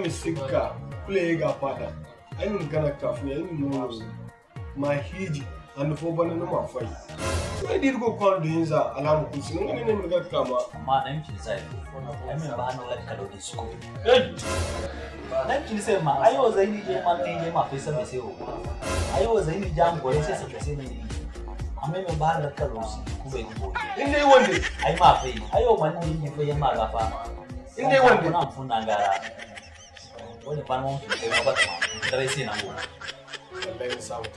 fɛn sika se ka kule ga fada ainihin gana kafin ainihin nono ma hiji a nufo bana na mafai sai dir ko kwan da yin za alamu ku sun ganin ne muka kama amma dan ki sai ai min ba hannu lakka da su ko dan sai ma ayo zai ni je ma kai ne ma fai sai sai ko ayo zai jam gore sai sai sai ni amma min ba hannu lakka da su ku bai ko in ai ma fai ayo man ni ne fai ma gafa in dai wanda na funa gara Wale Panama kuma Batman, dare sai